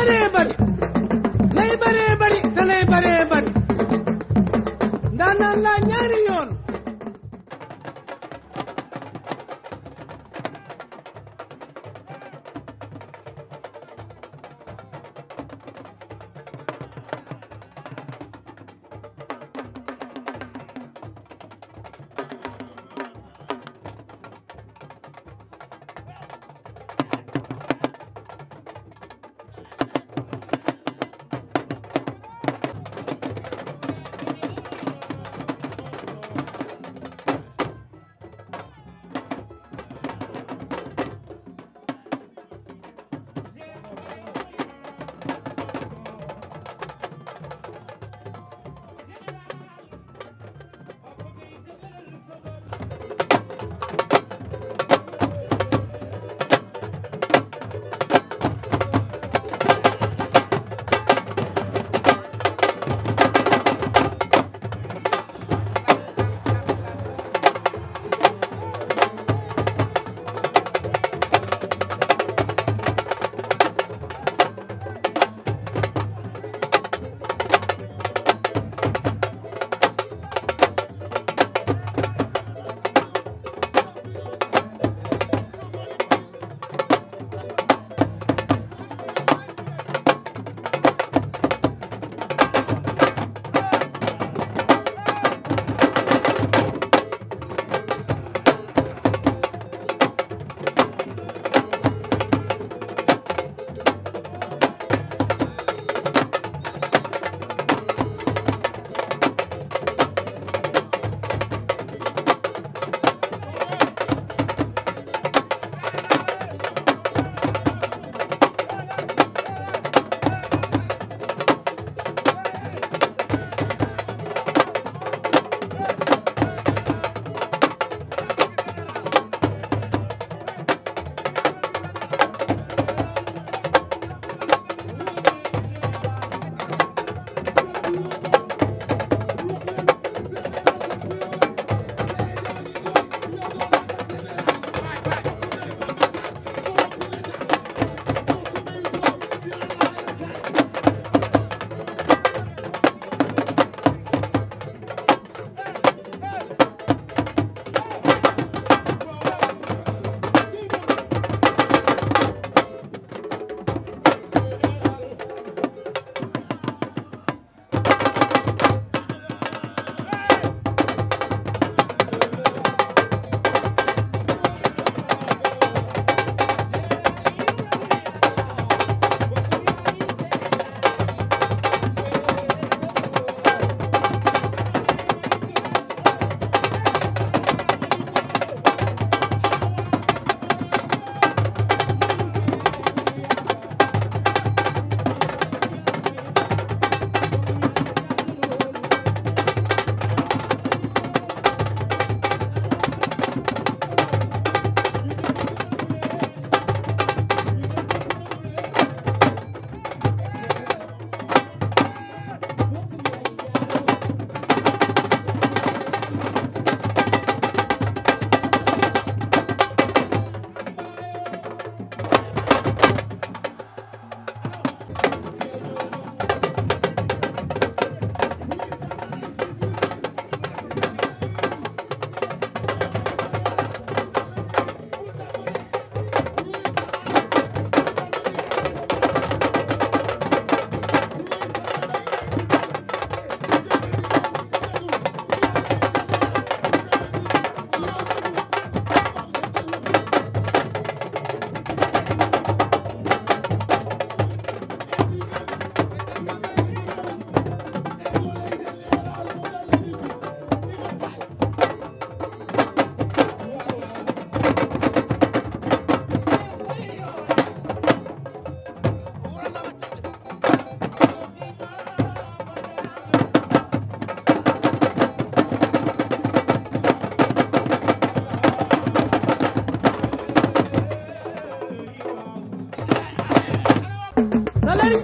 अरे बच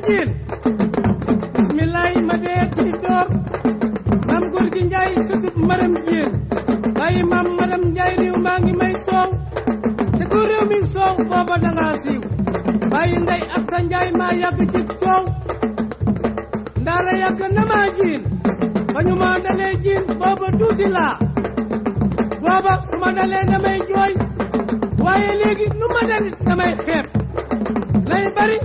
diin bismillaay ma dee ci door maam góor gi njaay sutub maram jéen bàyyi maam maram njaay riw maa ngi may soow te ku réew mi soow booba dangaa siiw bàyyi ndey ak sa njaay maa yàgg ci coow ndaara yàgg na maa jiin ba ñu ma dalee jiin booba tuuti laa booba su ma dalee damay jooy waaye léegi nu ma dalit damay xeeb lay bari